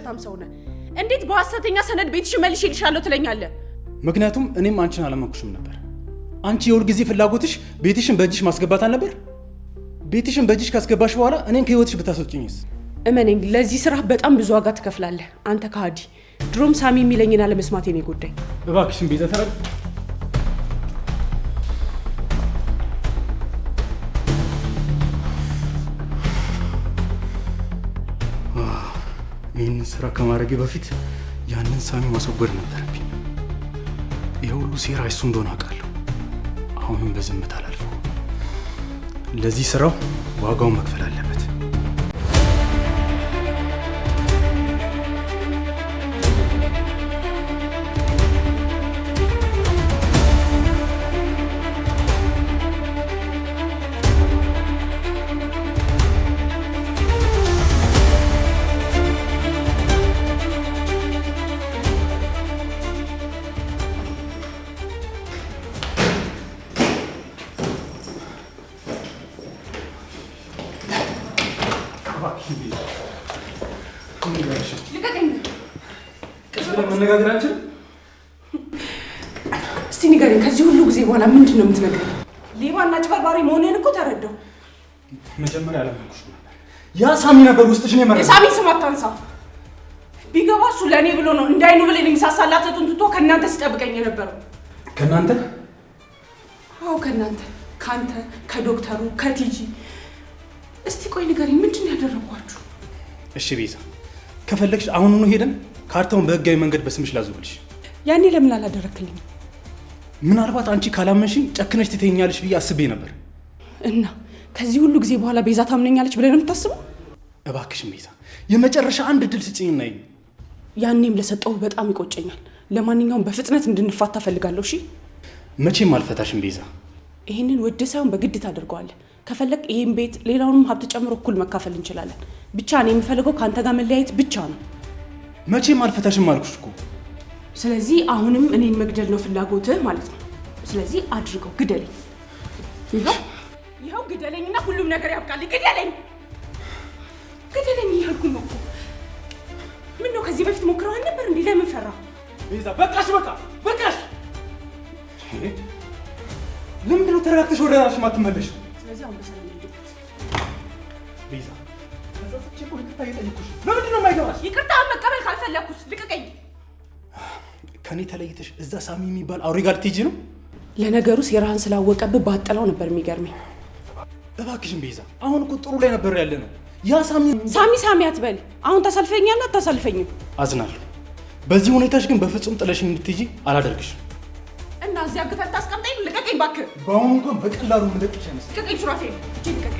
ውሸታም ሰው ነህ። እንዴት በሐሰተኛ ሰነድ ቤትሽ መልሼ ይልሻለሁ ትለኛለህ? ምክንያቱም እኔም አንቺን አላመንኩሽም ነበር። አንቺ የሁል ጊዜ ፍላጎትሽ ቤትሽን በእጅሽ ማስገባት አልነበር? ቤትሽን በእጅሽ ካስገባሽ በኋላ እኔን ከህይወትሽ ብታስወጪኝስ? እመነኝ፣ ለዚህ ስራ በጣም ብዙ ዋጋ ትከፍላለህ አንተ ከሃዲ። ድሮም ሳሚ የሚለኝን አለመስማቴ ነው የጎዳኝ። እባክሽን ቤዛ ስራ ከማድረጌ በፊት ያንን ሳሚ ማስወገድ ነበረብኝ። ይህ ሁሉ ሴራ እሱ እንደሆነ አውቃለሁ። አሁንም በዝምታ አላልፈው። ለዚህ ስራው ዋጋውን መክፈል አለብን። ልትነግራችን? እስቲ ንገረኝ፣ ከዚህ ሁሉ ጊዜ በኋላ ምንድን ነው የምትነግረኝ? ሌባና ጭበርባሪ መሆኔን እኮ ተረዳሁ። መጀመሪያ አላመንኩሽ ነበር። ያ ሳሚ ነበር ውስጥሽ ነው የመረጠው። ሳሚ ስም አታንሳ። ቢገባ እሱ ለእኔ ብሎ ነው እንዳይኑ ብለን የሚሳሳላት ትቶ ከእናንተ ሲጠብቀኝ የነበረው። ከእናንተ? አዎ ከእናንተ፣ ከአንተ፣ ከዶክተሩ፣ ከቲጂ። እስቲ ቆይ ንገረኝ፣ ምንድን ነው ያደረግኳችሁ? እሺ ቤዛ፣ ከፈለግሽ አሁኑኑ ሄደን ካርታውን በህጋዊ መንገድ በስምሽ ላዙርልሽ። ያኔ ለምን አላደረክልኝ? ምናልባት አንቺ ካላመንሽኝ ጨክነሽ ትተኛለሽ ብዬ አስቤ ነበር። እና ከዚህ ሁሉ ጊዜ በኋላ ቤዛ ታምነኛለች ብለን የምታስቡ እባክሽ ቤዛ፣ የመጨረሻ አንድ ድል ስጭኝ። ያኔም ለሰጠው በጣም ይቆጨኛል። ለማንኛውም በፍጥነት እንድንፋታ ፈልጋለሁ። እሺ? መቼም አልፈታሽም ቤዛ። ይህንን ወደ ሳይሆን በግድ ታደርገዋለህ። ከፈለግ ይህን ቤት ሌላውንም ሀብት ጨምሮ እኩል መካፈል እንችላለን። ብቻ ነው የምፈልገው ከአንተ ጋር መለያየት ብቻ ነው። መቼም አልፈታሽም አልኩሽ እኮ። ስለዚህ አሁንም እኔን መግደል ነው ፍላጎት ማለት ነው። ስለዚህ አድርገው፣ ግደለኝ። ይኸው ይኸው ግደለኝና ሁሉም ነገር ያብቃል። ግደለኝ፣ ግደለኝ እያልኩ ነው እኮ። ምን ነው ከዚህ በፊት ሞክረው አልነበር እንዴ? ለምን ፈራ? ቤዛ በቃሽ፣ በቃ በቃሽ። ለምንድን ነው ተረጋግተሽ ወደ ራስሽ ማትመለሽ? ስለዚህ አሁን በሰላም ቤዛ ይቅርታ እየጠየኩሽ ነው። የማይገባሽ? ይቅርታውን መቀበል ካልፈለግኩስ ልቀቀኝ። ከእኔ ተለይተሽ እዛ ሳሚ የሚባል አውሬ ጋር ልትሄጂ ነው? ለነገሩ ሴራህን ስላወቀብህ ባጠላው ነበር የሚገርመኝ። እባክሽን ቤዛ፣ አሁን እኮ ጥሩ ላይ ነበር ያለ ነው። ያ ሳሚ ሳሚ ሳሚ አትበል። አሁን ታሳልፈኛለህ አታሳልፈኝም? አዝናለሁ። በዚህ ሁኔታሽ ግን በፍጹም ጥለሽኝ እንድትሄጂ አላደርግሽም። እና እዚያ ግፈት ታስቀምጠኝ። ልቀቀኝ እባክህ። በአሁኑ እንኳን በቀላሉ ምለቅሽ አይመስል ልቀቀኝ ሱራፌ፣ ልቀቀኝ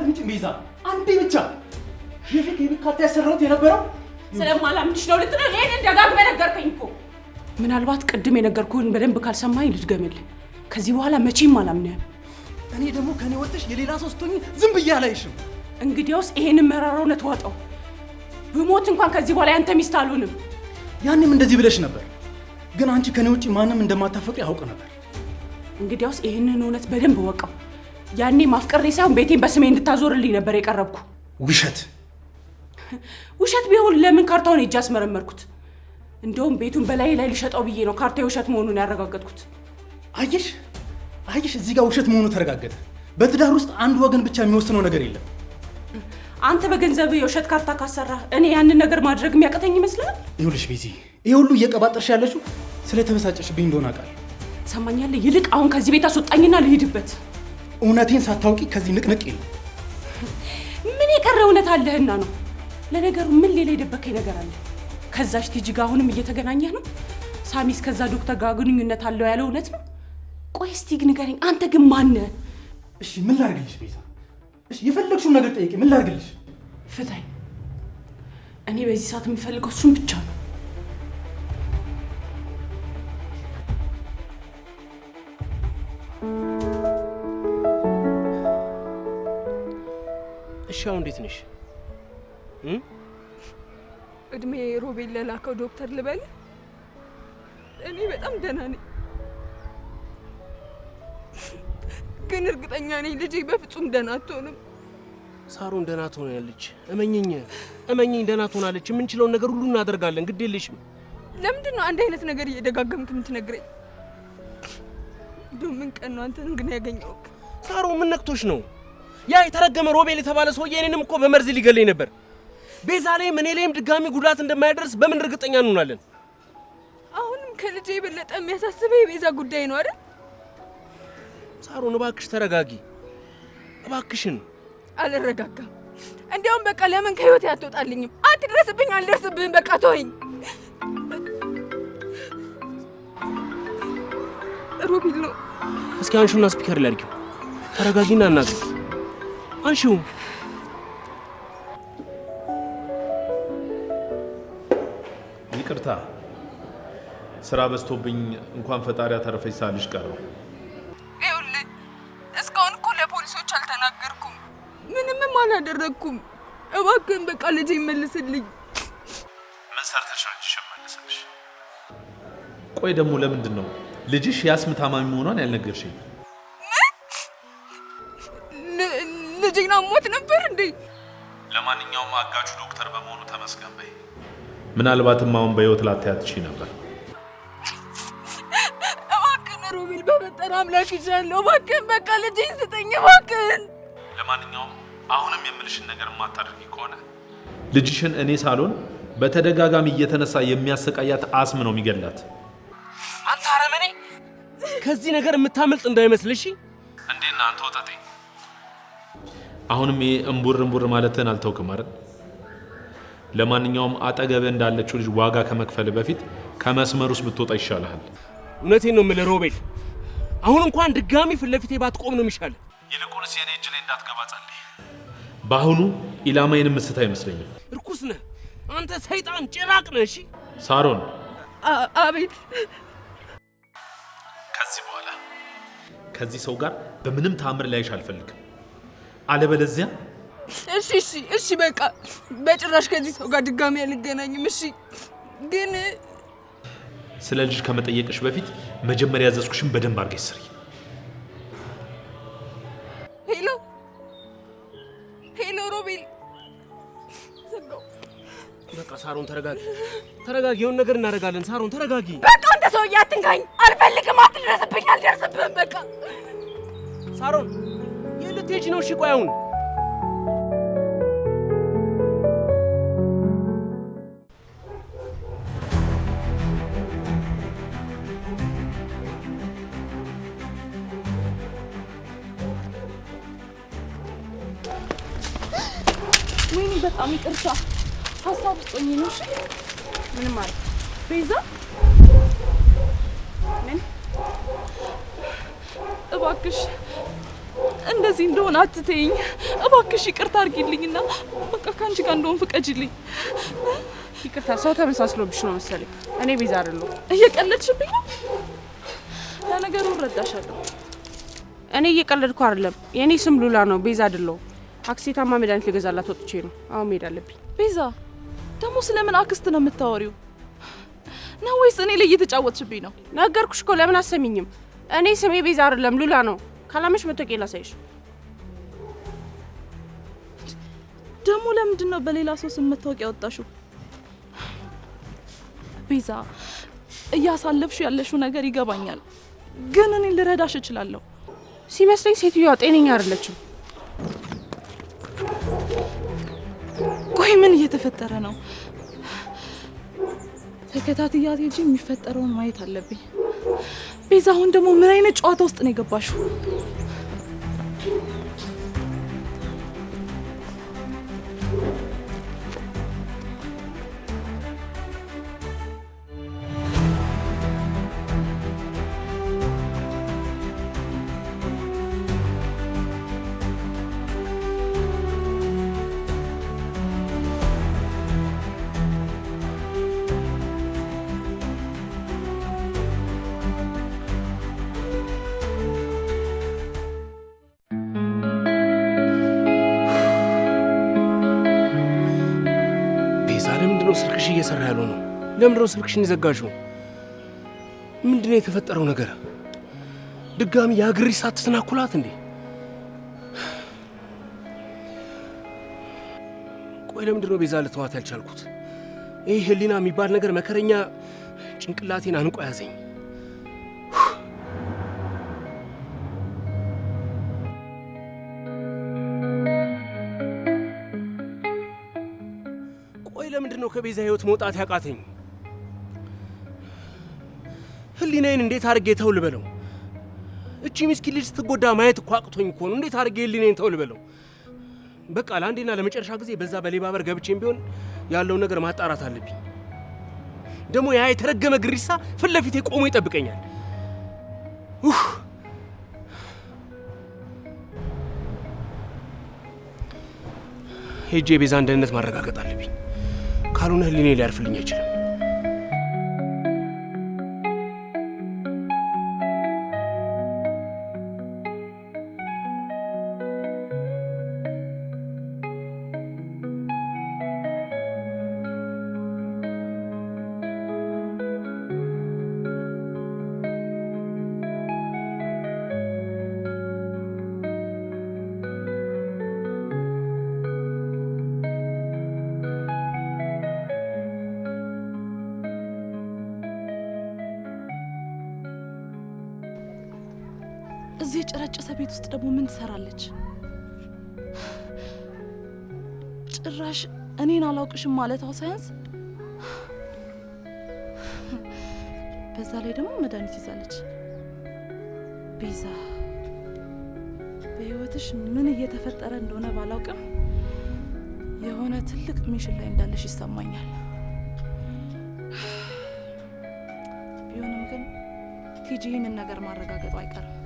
ድምፅ ቤዛ አንዴ ብቻ የፊት የቤት ያሰራሁት የነበረው ስለማላምንሽ ነው ልትለው ይሄንን ደጋግመህ ነገርከኝ እኮ። ምናልባት ቅድም የነገርኩህን በደንብ ካልሰማኝ ልድገምልህ። ከዚህ በኋላ መቼም አላምንህም። እኔ ደግሞ ከእኔ ወጥሽ የሌላ ሶስቶኝ ዝም ብዬ አላይሽም። እንግዲያውስ ይሄንን መራራ እውነት ብሞት እንኳን ከዚህ በኋላ ያንተ ሚስት አልሆንም። ያንም እንደዚህ ብለሽ ነበር፣ ግን አንቺ ከኔ ውጭ ማንም እንደማታፈቅ ያውቅ ነበር። እንግዲያውስ ይህንን እውነት በደንብ ወቀው። ያኔ ማፍቀሬ ሳይሆን ቤቴን በስሜ እንድታዞርልኝ ነበር የቀረብኩ። ውሸት ውሸት ቢሆን ለምን ካርታውን እጅ አስመረመርኩት? እንደውም ቤቱን በላይ ላይ ልሸጠው ብዬ ነው ካርታው የውሸት መሆኑን ያረጋገጥኩት። አየሽ አየሽ፣ እዚህ ጋር ውሸት መሆኑ ተረጋገጠ። በትዳር ውስጥ አንድ ወገን ብቻ የሚወስነው ነገር የለም። አንተ በገንዘብ የውሸት ካርታ ካሰራ እኔ ያንን ነገር ማድረግ የሚያቀተኝ ይመስላል? ይኸውልሽ ቤዚ፣ ይህ ሁሉ እየቀባጠርሽ ያለችው ስለተበሳጨሽብኝ እንደሆነ አውቃለሁ። ትሰማኛለህ? ይልቅ አሁን ከዚህ ቤት አስወጣኝና ልሂድበት። እውነቴን ሳታውቂ ከዚህ ንቅንቅ ነው። ምን የቀረ እውነት አለህና ነው? ለነገሩ ምን ሌላ የደበከኝ ነገር አለ? ከዛች ቲጂ ጋር አሁንም እየተገናኘህ ነው? ሳሚስ ከዛ ዶክተር ጋር ግንኙነት አለው ያለው እውነት ነው? ቆይ እስቲ ንገረኝ፣ አንተ ግን ማነህ? እሺ ምን ላርግልሽ ቤዛ? እሺ የፈለግሽውን ነገር ጠይቂ፣ ምን ላርግልሽ? ፍታኝ። እኔ በዚህ ሰዓት የምፈልገው እሱን ብቻ ነው። Thank you. እሻው እንዴት ነሽ? እድሜ ሮቤል ለላከው ዶክተር ልበል? እኔ በጣም ደህና ነኝ፣ ግን እርግጠኛ ነኝ ልጄ በፍጹም ደህና አትሆንም። ሳሮን ደህና ትሆናለች፣ እመኝኝ፣ እመኝኝ፣ ደህና ትሆናለች። የምንችለውን ነገር ሁሉ እናደርጋለን፣ ግድ የለሽም። ለምንድን ነው አንድ አይነት ነገር እየደጋገምክ የምትነግረኝ? እንደው ምን ቀን ነው አንተን ግን ያገኘውክ? ሳሮ ምን ነክቶሽ ነው? ያ የተረገመ ሮቤል የተባለ ሰውዬ እኔንም እኮ በመርዝ ሊገለኝ ነበር። ቤዛ ላይም እኔ ላይም ድጋሚ ጉዳት እንደማያደርስ በምን እርግጠኛ እንሆናለን? አሁንም ከልጄ የበለጠ የሚያሳስበ የቤዛ ጉዳይ ነው አይደል? ሳሮን እባክሽ ተረጋጊ፣ እባክሽን። አልረጋጋም። እንዲያውም በቃ ለምን ከህይወት አትወጣልኝም? አትድረስብኝ፣ አልደርስብህም። በቃ ተወኝ። ሮቢል ነው። እስኪ አንሹና ስፒከር ላድርጊው። ተረጋጊና እናግር አንሺው። ይቅርታ ስራ በዝቶብኝ እንኳን ፈጣሪ አተረፈች ሳልሽ ቀረው። ይኸውልህ እስካሁን እኮ ለፖሊሶች አልተናገርኩም፣ ምንምም አላደረግኩም። እባክህን በቃ ልጅ ይመልስልኝ። ምን ሰርተሽ ነው ልጅሽ መለሰልሽ? ቆይ ደግሞ ለምንድን ነው ልጅሽ የአስም ታማሚ መሆኗን ያልነገርሽኝ? አጋቹ ዶክተር በመሆኑ ተመስገን በይ። ምናልባትም አሁን በህይወት ላታያት ትችይ ነበር። እባክህን ሮቤል፣ በፈጠረ አምላክ ይዣለሁ። እባክህን በቃ ልጄን ስጠኝ እባክህን። ለማንኛውም አሁንም የምልሽን ነገር የማታደርጊ ከሆነ ልጅሽን እኔ ሳሎን በተደጋጋሚ እየተነሳ የሚያሰቃያት አስም ነው የሚገላት። አንተ አረመኔ፣ ከዚህ ነገር የምታመልጥ እንዳይመስልሽ። እንዴና አንተ ወጠጤ፣ አሁንም ይህ እምቡር እምቡር ማለትህን አልተውክም አይደል? ለማንኛውም አጠገብ እንዳለችው ልጅ ዋጋ ከመክፈል በፊት ከመስመር ውስጥ ብትወጣ ይሻልሃል። እውነቴን ነው የምልህ ሮቤል፣ አሁን እንኳን ድጋሚ ፊት ለፊቴ ባትቆም ነው የሚሻልህ። ይልቁንስ የኔ እጅ ላይ እንዳትገባ ጸልይ። በአሁኑ ኢላማዬን ምስት አይመስለኝም። እርኩስ ነህ አንተ፣ ሰይጣን ጭራቅ ነህ። እሺ ሳሮን። አቤት። ከዚህ በኋላ ከዚህ ሰው ጋር በምንም ተአምር ላይሽ አልፈልግም፣ አለበለዚያ እሺ እሺ እሺ፣ በቃ በጭራሽ ከዚህ ሰው ጋር ድጋሚ አልገናኝም። እሺ ግን ስለ ልጅ ከመጠየቅሽ በፊት መጀመሪያ ያዘዝኩሽን በደንብ አድርገሽ ስሪ። ሄሎ ሄሎ፣ ሮቤል በቃ ሳሮን ተረጋጊ፣ ተረጋጊ። የሆነ ነገር እናደርጋለን። ሳሮን ተረጋጊ። በቃ አንተ ሰውዬ አትንካኝ፣ አልፈልግም። አትደረስብኝ፣ አልደርስብህም። በቃ ሳሮን የልትሄጂ ነው? እሺ ቆይ አሁን ይቅርታ ሀሳብ ውስጥ ሆኜ ነው። እሺ ምንም ማለት ቤዛ፣ ምን እባክሽ እንደዚህ እንደሆነ አትተይኝ እባክሽ፣ ይቅርታ አድርጊልኝና በቃ ከአንቺ ጋር እንደሆን ፍቀጅልኝ። ይቅርታ ሰው ተመሳስሎብሽ ነው መሰለኝ። እኔ ቤዛ አይደለሁም። እየቀለድሽብኝ ነው። ለነገሩ እረዳሻለሁ። እኔ እየቀለድኩ አይደለም። የእኔ ስም ሉላ ነው፣ ቤዛ አይደለሁም። አክስቴ ታማ መድኃኒት ልገዛላት ወጥቼ ነው። አሁን መሄድ አለብኝ። ቤዛ ደግሞ ስለምን አክስት ነው የምታወሪው? ነው ወይስ እኔ ላይ እየተጫወትሽብኝ ነው? ነገርኩሽ እኮ ለምን አሰሚኝም? እኔ ስሜ ቤዛ አይደለም ሉላ ነው። ካላመሽ መታወቂያ ላሳይሽ። ደግሞ ለምንድን ነው በሌላ ሰው ስም መታወቂያ ያወጣሽው? ቤዛ እያሳለፍሽ ያለሽው ነገር ይገባኛል፣ ግን እኔ ልረዳሽ እችላለሁ። ሲመስለኝ ሴትዮዋ ጤነኛ አይደለችም። ቆይ ምን እየተፈጠረ ነው? ተከታትያት ሄጄ የሚፈጠረውን ማየት አለብኝ። ቤዛ አሁን ደግሞ ምን አይነት ጨዋታ ውስጥ ነው የገባሽው? ለምንድነው ስልክሽን የዘጋሽው? ምንድነው የተፈጠረው ነገር? ድጋሚ የአግሪ ሳትተናኩላት እንዴ? ቆይ ለምንድነው ቤዛ ልተዋት ያልቻልኩት? ይህ ህሊና የሚባል ነገር መከረኛ ጭንቅላቴን አንቆ ያዘኝ። ቆይ ለምንድነው ከቤዛ ህይወት መውጣት ያቃተኝ? ህሊናዬን እንዴት አድርጌ ተው ልበለው? እቺ ምስኪን ልጅ ስትጎዳ ማየት እኮ አቅቶኝ እኮ ነው። እንዴት አድርጌ ህሊናዬን ተው ልበለው? በቃ ለአንዴና ለመጨረሻ ጊዜ በዛ በሌባ በር ገብቼም ቢሆን ያለውን ነገር ማጣራት አለብኝ። ደግሞ ያ የተረገመ ግሪሳ ፊት ለፊቴ ቆሞ ይጠብቀኛል። ሄጄ የቤዛን ደህንነት ማረጋገጥ አለብኝ። ካልሆነ ህሊኔ ሊያርፍልኝ አይችልም። የጨረጨሰ ቤት ውስጥ ደግሞ ምን ትሰራለች? ጭራሽ እኔን አላውቅሽም ማለታው ሳያንስ በዛ ላይ ደግሞ መድኃኒት ይዛለች። ቤዛ በህይወትሽ ምን እየተፈጠረ እንደሆነ ባላውቅም የሆነ ትልቅ ሚሽን ላይ እንዳለሽ ይሰማኛል። ቢሆንም ግን ቲጂ ይህንን ነገር ማረጋገጡ አይቀርም።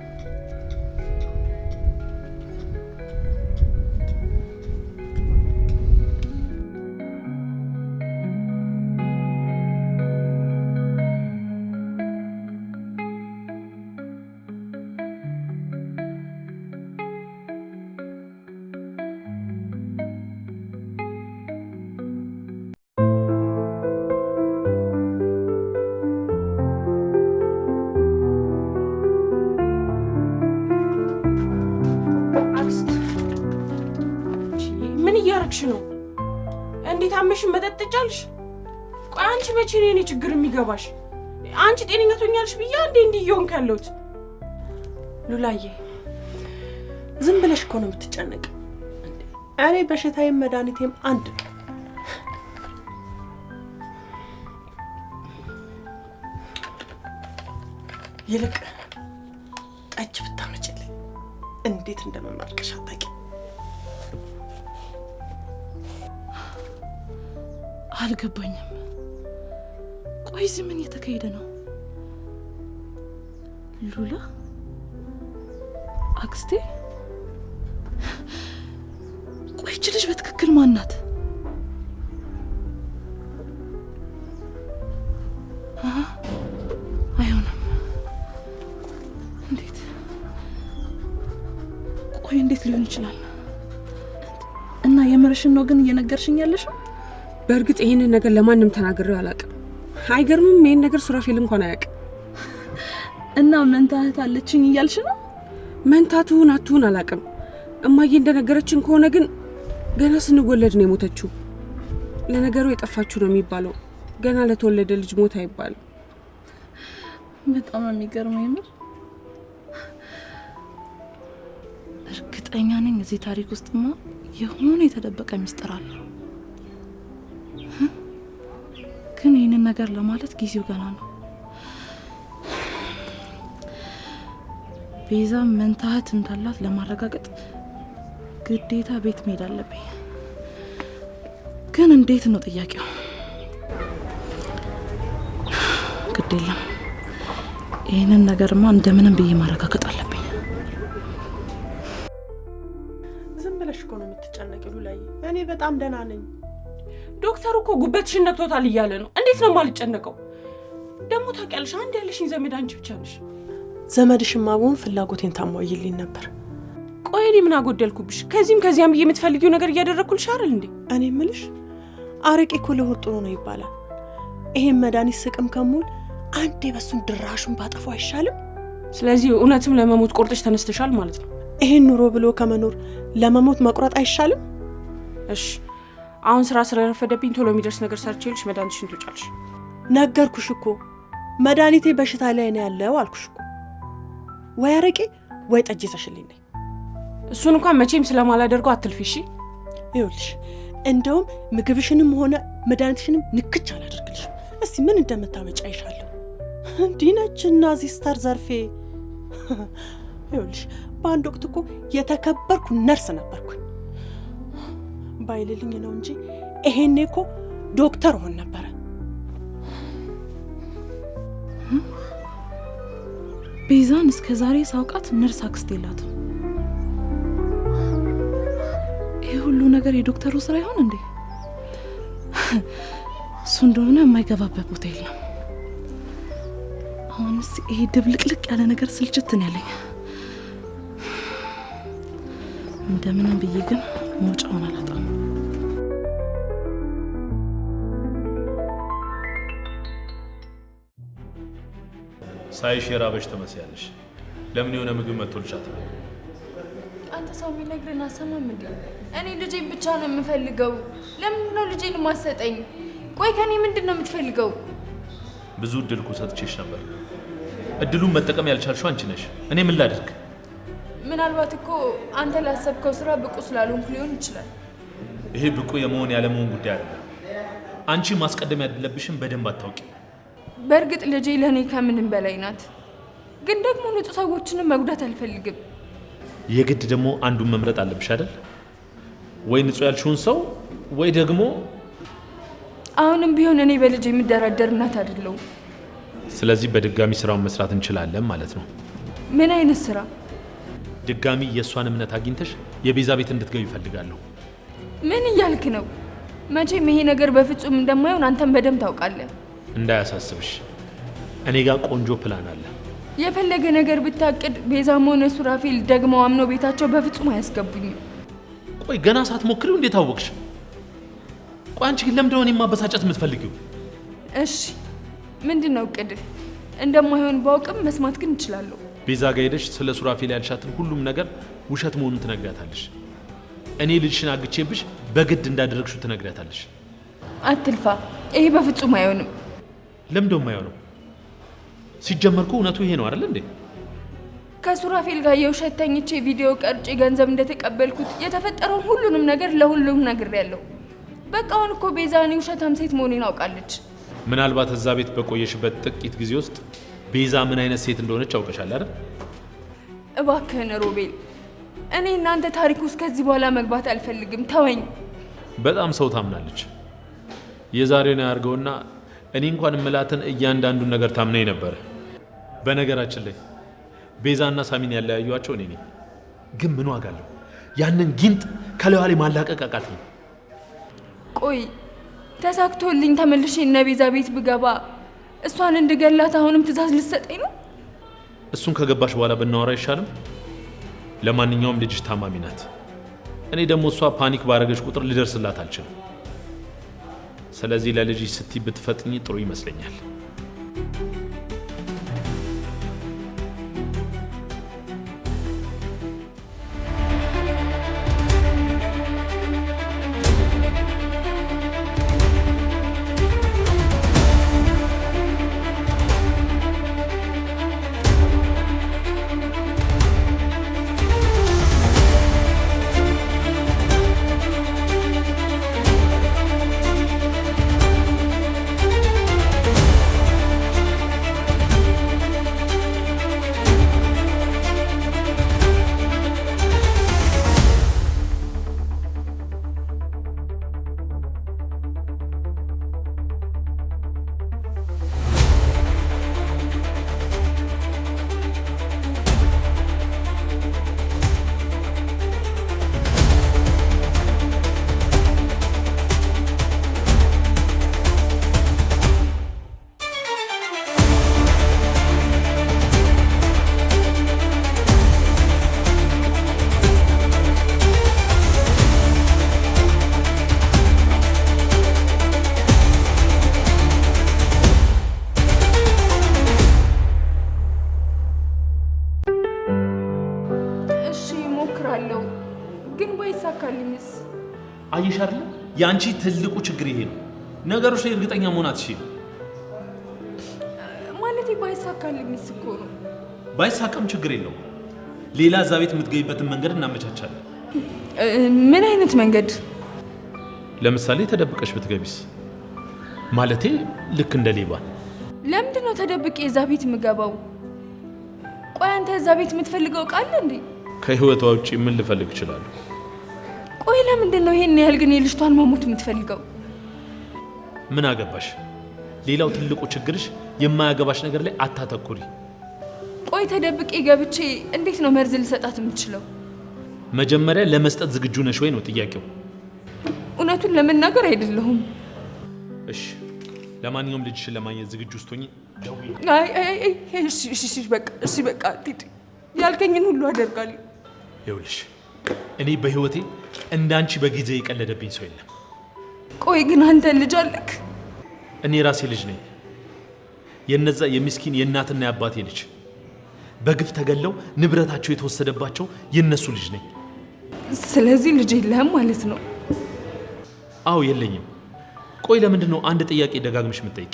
ትጋጫለሽ። ቆይ አንቺ መቼ ነው የኔ ችግር የሚገባሽ? አንቺ ጤነኛ ትሆኛለሽ ብዬ አንዴ እንዲህ እየሆንክ ያለሁት? ሉላዬ ዝም ብለሽ እኮ ነው የምትጨነቅ። እኔ በሽታዬም መድኃኒቴም አንድ ነው። ይልቅ አልገባኝም። ቆይ እዚህ ምን እየተካሄደ ነው? ሉላ አክስቴ? ቆይ ይቺ ልጅ በትክክል ማን ናት? አይሆንም። እንዴት ቆይ እንዴት ሊሆን ይችላል? እና የምርሽን ነው ግን እየነገርሽኝ ያለሽው? በእርግጥ ይህንን ነገር ለማንም ተናግሬው አላውቅም። አይገርምም? ይህን ነገር ሱራፌል እንኳን አያውቅም። እና መንታ እህት አለችኝ እያልሽ ነው? መንታ ትሁን አትሁን አላውቅም። እማዬ እንደነገረችን ከሆነ ግን ገና ስንወለድ ነው የሞተችው። ለነገሩ የጠፋችሁ ነው የሚባለው። ገና ለተወለደ ልጅ ሞት አይባልም። በጣም የሚገርመው የምር እርግጠኛ ነኝ እዚህ ታሪክ ውስጥማ የሆነ የተደበቀ ሚስጥር አለው። ነገር ለማለት ጊዜው ገና ነው። ቤዛ መንታ እህት እንዳላት ለማረጋገጥ ግዴታ ቤት መሄድ አለብኝ። ግን እንዴት ነው ጥያቄው? ግድ የለም ይህንን ነገርማ እንደምንም ብዬ ማረጋገጥ አለብኝ። ዝም ብለሽ እኮ ነው የምትጨነቂው ሉላዬ። እኔ በጣም ደህና ነኝ። ዶክተሩ እኮ ጉበትሽን ነክቶታል እያለ ነው። እንዴት ነው የማልጨነቀው? ደግሞ ታውቂያለሽ፣ አንድ ያለሽኝ ዘመድ አንቺ ብቻ ነሽ። ዘመድሽማ ብሆን ፍላጎቴን ታሟይልኝ ነበር። ቆይ እኔ ምን አጎደልኩብሽ? ከዚህም ከዚያም ብዬ የምትፈልጊው ነገር እያደረግኩልሽ አይደል እንዴ? እኔ ምልሽ አረቄ እኮ ለሆድ ጥሩ ነው ይባላል። ይሄን መድኃኒት ስቅም ከሙል አንዴ በሱን ድራሹን ባጠፉ አይሻልም? ስለዚህ እውነትም ለመሞት ቆርጠሽ ተነስተሻል ማለት ነው። ይሄን ኑሮ ብሎ ከመኖር ለመሞት መቁረጥ አይሻልም? እሺ አሁን ስራ ስለረፈደብኝ ቶሎ የሚደርስ ነገር ሰርቼ ልሽ መድኃኒትሽን ትውጫለሽ። ነገርኩሽ እኮ መድኃኒቴ በሽታ ላይ ነው ያለው አልኩሽ እኮ። ወይ አረቄ ወይ ጠጅ ይዘሽልኝ ነይ። እሱን እንኳን መቼም ስለማላደርገው አትልፊ እሺ። ይኸውልሽ እንደውም ምግብሽንም ሆነ መድኃኒትሽንም ንክች አላደርግልሽም። እስቲ ምን እንደምታመጫ ይሻለሁ። እንዲህ ነች እና ሲስተር ዘርፌ። ይኸውልሽ በአንድ ወቅት እኮ የተከበርኩ ነርስ ነበርኩኝ። ባይልልኝ ነው እንጂ ይሄኔ እኮ ዶክተር ሆን ነበረ። ቤዛን እስከ ዛሬ ሳውቃት ነርስ አክስት የላትም። ይህ ሁሉ ነገር የዶክተሩ ስራ ይሆን እንዴ? እሱ እንደሆነ የማይገባበት ቦታ የለም። አሁንስ ይሄ ድብልቅልቅ ያለ ነገር ስልችትን ያለኝ እንደምንም ብዬ ግን መውጫውን አላጣም። ሳይሽ የራበሽ ትመስያለሽ። ለምን የሆነ ምግብ መጥቶልሽ አንተ ሰው የሚነግርህን አሰማም እንዴ? እኔ ልጄን ብቻ ነው የምፈልገው። ለምንድን ነው ልጄን ማሰጠኝ? ቆይ ከኔ ምንድን ነው የምትፈልገው? ብዙ እድል እኮ ሰጥቼሽ ነበር። እድሉን መጠቀም ያልቻልሽው አንቺ ነሽ። እኔ ምን ላድርግ? ምናልባት እኮ አንተ ላሰብከው ስራ ብቁ ስላልሆንኩ ሊሆን ይችላል። ይሄ ብቁ የመሆን ያለመሆን ጉዳይ አለ። አንቺ ማስቀደም ያለብሽም በደንብ አታውቂ። በእርግጥ ልጄ ለእኔ ከምንም በላይ ናት፣ ግን ደግሞ ንጹህ ሰዎችንም መጉዳት አልፈልግም። የግድ ደግሞ አንዱን መምረጥ አለብሽ አይደል? ወይ ንጹህ ያልሽውን ሰው ወይ ደግሞ አሁንም ቢሆን እኔ በልጅ የሚደራደር እናት አይደለሁም። ስለዚህ በድጋሚ ስራውን መስራት እንችላለን ማለት ነው። ምን አይነት ስራ? ድጋሚ የእሷን እምነት አግኝተሽ የቤዛ ቤት እንድትገቢ ይፈልጋለሁ። ምን እያልክ ነው? መቼም ይሄ ነገር በፍጹም እንደማይሆን አንተም በደንብ ታውቃለህ። እንዳያሳስብሽ፣ እኔ ጋር ቆንጆ ፕላን አለ። የፈለገ ነገር ብታቅድ ቤዛም ሆነ ሱራፌል ደግመው አምነው ቤታቸው በፍጹም አያስገቡኝም። ቆይ ገና ሳትሞክሪው እንዴት አወቅሽ? ቆይ አንቺ ግን ለምንድን ነው እኔን ማበሳጨት የምትፈልጊው? እሺ ምንድን ነው እቅድህ? እንደማይሆን ባውቅም መስማት ግን እችላለሁ። ቤዛ ጋ ሄደሽ ስለ ሱራፌል ያልሻትን ሁሉም ነገር ውሸት መሆኑን ትነግራታለሽ። እኔ ልጅሽን አግቼብሽ በግድ እንዳደረግሽው ትነግራታለሽ። አትልፋ፣ ይሄ በፍጹም አይሆንም። ለምዶ የማይሆነው ሲጀመርኩ እውነቱ ይሄ ነው አይደል እንዴ? ከሱራፌል ጋር የውሸት ተኝቼ ቪዲዮ ቀርጬ ገንዘብ እንደተቀበልኩት የተፈጠረውን ሁሉንም ነገር ለሁሉም ነግሬያለሁ። በቃ አሁን እኮ ቤዛ እኔ ውሸታም ሴት መሆኔን አውቃለች። ምናልባት እዛ ቤት በቆየሽበት ጥቂት ጊዜ ውስጥ ቤዛ ምን አይነት ሴት እንደሆነች አውቀሻል አይደል? እባክህን ሮቤል፣ እኔ እናንተ ታሪክ ውስጥ ከዚህ በኋላ መግባት አልፈልግም፣ ተወኝ። በጣም ሰው ታምናለች። የዛሬውን ያርገውና እኔ እንኳን እምላትን እያንዳንዱን ነገር ታምነኝ ነበረ። በነገራችን ላይ ቤዛና ሳሚን ያለያዩዋቸው እኔ ነኝ። ግን ምን ዋጋ አለው? ያንን ጊንጥ ከላዩ ላይ ማላቀቅ አቃተኝ። ቆይ ተሳክቶልኝ ተመልሼ እነ ቤዛ ቤት ብገባ እሷን እንድገላት አሁንም ትእዛዝ ልሰጠኝ ነው? እሱን ከገባሽ በኋላ ብናወራ አይሻልም? ለማንኛውም ልጅሽ ታማሚ ናት። እኔ ደግሞ እሷ ፓኒክ ባረገች ቁጥር ልደርስላት አልችልም። ስለዚህ ለልጅሽ ስቲ ብትፈጥኝ ጥሩ ይመስለኛል። የአንቺ ትልቁ ችግር ይሄ ነው። ነገሮች ላይ እርግጠኛ መሆን አትችይም። ማለቴ ባይሳካልኝ እኮ ነው። ባይሳካም ችግር የለውም። ሌላ እዛ ቤት የምትገኝበትን መንገድ እናመቻቻለን። ምን አይነት መንገድ? ለምሳሌ ተደብቀሽ ብትገቢስ? ማለቴ ልክ እንደ ሌባ። ለምንድን ነው ተደብቄ እዛ ቤት የምገባው? ቆይ አንተ እዛ ቤት የምትፈልገው ቃል እንዴ? ከህይወቷ ውጭ ምን ልፈልግ እችላለሁ? ቆይ ለምንድን ነው ይሄን ያህል ግን የልጅቷን መሞት የምትፈልገው? ምን አገባሽ? ሌላው ትልቁ ችግርሽ የማያገባሽ ነገር ላይ አታተኩሪ። ቆይ ተደብቄ ገብቼ እንዴት ነው መርዝ ልሰጣት የምችለው? መጀመሪያ ለመስጠት ዝግጁ ነሽ ወይ ነው ጥያቄው። እውነቱን ለመናገር አይደለሁም። እሺ፣ ለማንኛውም ልጅሽን ለማግኘት ዝግጁ ስትሆኚ ደውዪ። በቃ ያልከኝን ሁሉ አደርጋለሁ። ይኸውልሽ እኔ በህይወቴ እንዳንቺ በጊዜ የቀለደብኝ ሰው የለም። ቆይ ግን አንተ ልጅ አለክ? እኔ ራሴ ልጅ ነኝ። የነዛ የሚስኪን የእናትና የአባቴ ልጅ በግፍ ተገለው ንብረታቸው የተወሰደባቸው የነሱ ልጅ ነኝ። ስለዚህ ልጅ የለህም ማለት ነው? አዎ የለኝም። ቆይ ለምንድን ነው አንድ ጥያቄ ደጋግመሽ የምትጠይቂ?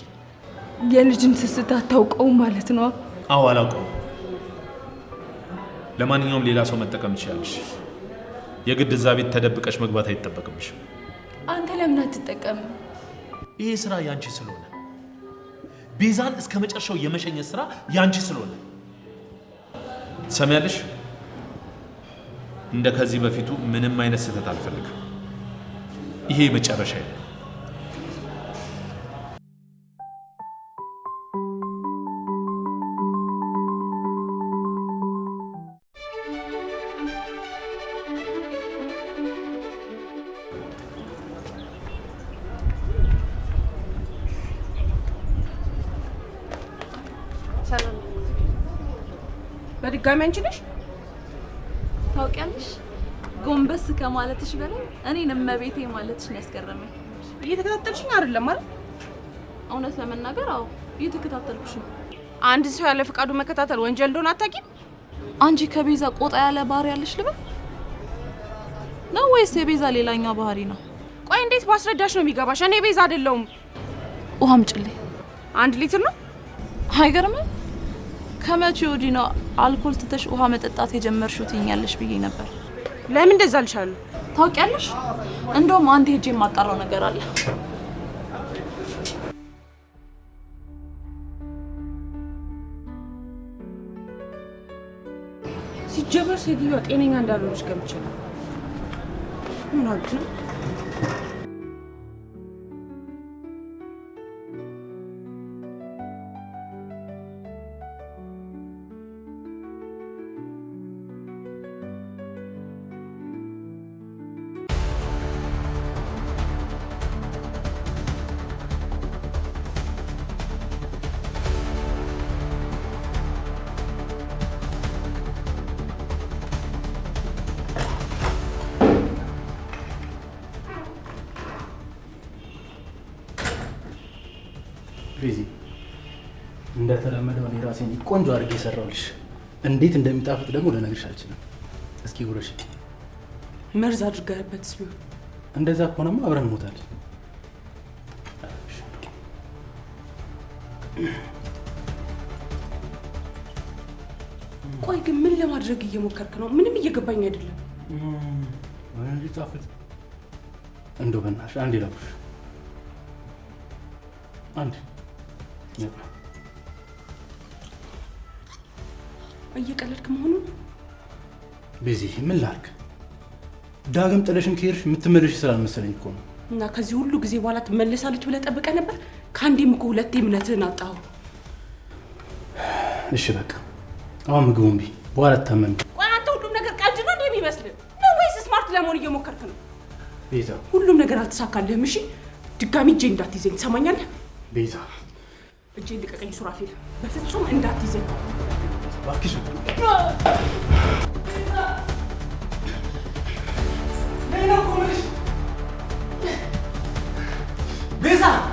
የልጅን ስስት አታውቀውም ማለት ነው? አዎ አላውቀውም። ለማንኛውም ሌላ ሰው መጠቀም ትችላለሽ። የግድ እዛ ቤት ተደብቀሽ መግባት አይጠበቅብሽም። አንተ ለምን አትጠቀም? ይሄ ስራ ያንቺ ስለሆነ ቤዛን እስከ መጨረሻው የመሸኘት ስራ ያንቺ ስለሆነ ትሰሚያለሽ። እንደ ከዚህ በፊቱ ምንም አይነት ስህተት አልፈልግም። ይሄ መጨረሻ ሰላም። በድጋሚ አንቺ ነሽ? ታውቂያለሽ፣ ጎንበስ ከማለትሽ በላይ እኔን እመቤቴ ማለትሽ ነው ያስገረመኝ። ነው አይደለም ማለት? እውነት ለመናገር አዎ፣ እየተከታተልኩሽ ነው። አንድ ሰው ያለ ፈቃዱ መከታተል ወንጀል እንደሆነ አታውቂም? አንቺ ከቤዛ ቆጣ ያለ ባህሪ ያለሽ ልበል ነው ወይስ የቤዛ ሌላኛው ባህሪ ነው? ቆይ እንዴት ባስረዳሽ ነው የሚገባሽ? እኔ ቤዛ አይደለሁም። ውሃም ጭልኝ አንድ ሊትር ነው አይገርምም? ከመቼ ወዲህ ነው አልኮል ትተሽ ውሃ መጠጣት የጀመርሽው? ትይኛለሽ ብዬ ነበር። ለምን እንደዛ አልሻለሁ? ታውቂያለሽ፣ እንደውም አንድ ሄጅ የማጣራው ነገር አለ። ሲጀመር ሴትዮዋ ጤነኛ እንዳልሆነች ገምቼ ነው። ምን ፓስቲኒ ቆንጆ አድርጌ የሰራሁልሽ እንዴት እንደሚጣፍጥ ደግሞ ልነግርሽ አልችልም። እስኪ ጉረሽ። መርዝ አድርጋበት ስሉ። እንደዛ ከሆነማ አብረን እንሞታለን። ቆይ ግን ምን ለማድረግ እየሞከርክ ነው? ምንም እየገባኝ አይደለም። ጣፍጥ እንደው በእናትሽ አንዴ አንድ አንዴ እየቀለድክ መሆኑን ቤዚ፣ ምን ላድርግ? ዳግም ጥለሽን ከሄድሽ የምትመለሽ ስላልመሰለኝ እኮ ነው። እና ከዚህ ሁሉ ጊዜ በኋላ ትመለሳለች ብለህ ጠብቀህ ነበር? ከአንዴም እኮ ሁለቴ እምነትህን አጣሁ። እሺ በቃ አሁን ምግቡ እምቢ፣ በኋላ ትታመሚ። ቆይ አንተ ሁሉም ነገር ቀልድ ነው እንደ የሚመስልህ ነው ወይስ ስማርት ለመሆን እየሞከርክ ነው? ቤዛ፣ ሁሉም ነገር አልተሳካልህም። እሺ ድጋሚ እጄ እንዳትይዘኝ ትሰማኛለህ? ቤዛ፣ እጄ ልቀቀኝ ሱራፌል፣ በፍጹም እንዳትይዘኝ። 맡기죠매사매사매사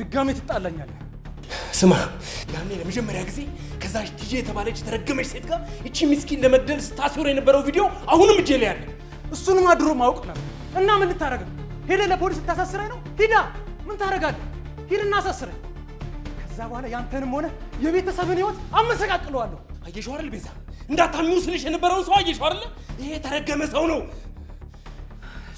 ድጋሜ ትጣላኛለህ። ስማ ያኔ ለመጀመሪያ ጊዜ ከዛች ቲጄ የተባለች የተረገመች ሴት ጋር እቺ ምስኪን ለመግደል ስታስወር የነበረው ቪዲዮ አሁንም እጄ ላይ አለ። እሱንም አድሮ ማወቅ ነበር እና ምን ልታደርገው ሄደህ ለፖሊስ ልታሳስረኝ ነው? ሂዳ ምን ታደርጋለህ? ሂድና አሳስረኝ። ከዛ በኋላ ያንተንም ሆነ የቤተሰብን ህይወት አመሰቃቅለዋለሁ። አየሽው አይደል ቤዛ፣ እንዳታምኚው ስልሽ የነበረውን ሰው አየሽው አይደል? ይሄ የተረገመ ሰው ነው።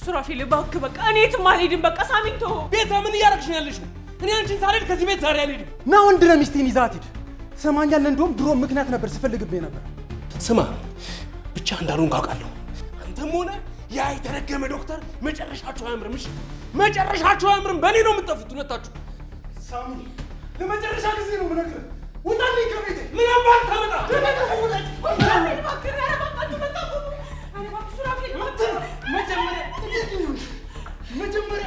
ሱራፌል እባክህ በቃ እኔ የትም አልሄድም። በቃ ሳሚን ተወው። ቤዛ ምን እያደረግሽ ነው ያለሽው? እኔ አንቺን ሳልሄድ ከዚህ ቤት ዛሬ አልሄድም። ና ወንድ ነህ፣ ሚስቴን ይዘሃት ሂድ። ትሰማኛለህ? እንደውም ድሮ ምክንያት ነበር ስፈልግብህ ነበር። ስማ ብቻ እንዳልሆንክ አውቃለሁ። አንተም ሆነ ያ የተረገመ ዶክተር መጨረሻችሁ አያምርም። እሺ መጨረሻችሁ አያምርም። በእኔ ነው የምጠፉት ሁለታችሁ። ሳሚ ለመጨረሻ ጊዜ ነው ውጣልኝ ከቤቴ። ምን አባት ታመጣ መጀመሪያ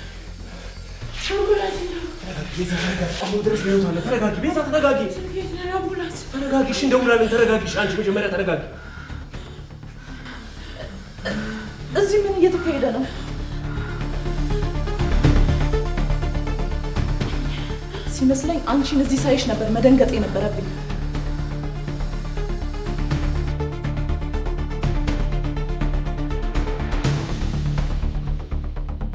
ተረጋጊ፣ እንደውላለን። ተረጋጊ፣ አንቺ መጀመሪያ ተረጋጊ። እዚህ ምን እየተካሄደ ነው? ሲመስለኝ አንቺን እዚህ ሳይሽ ነበር መደንገጥ የነበረብኝ።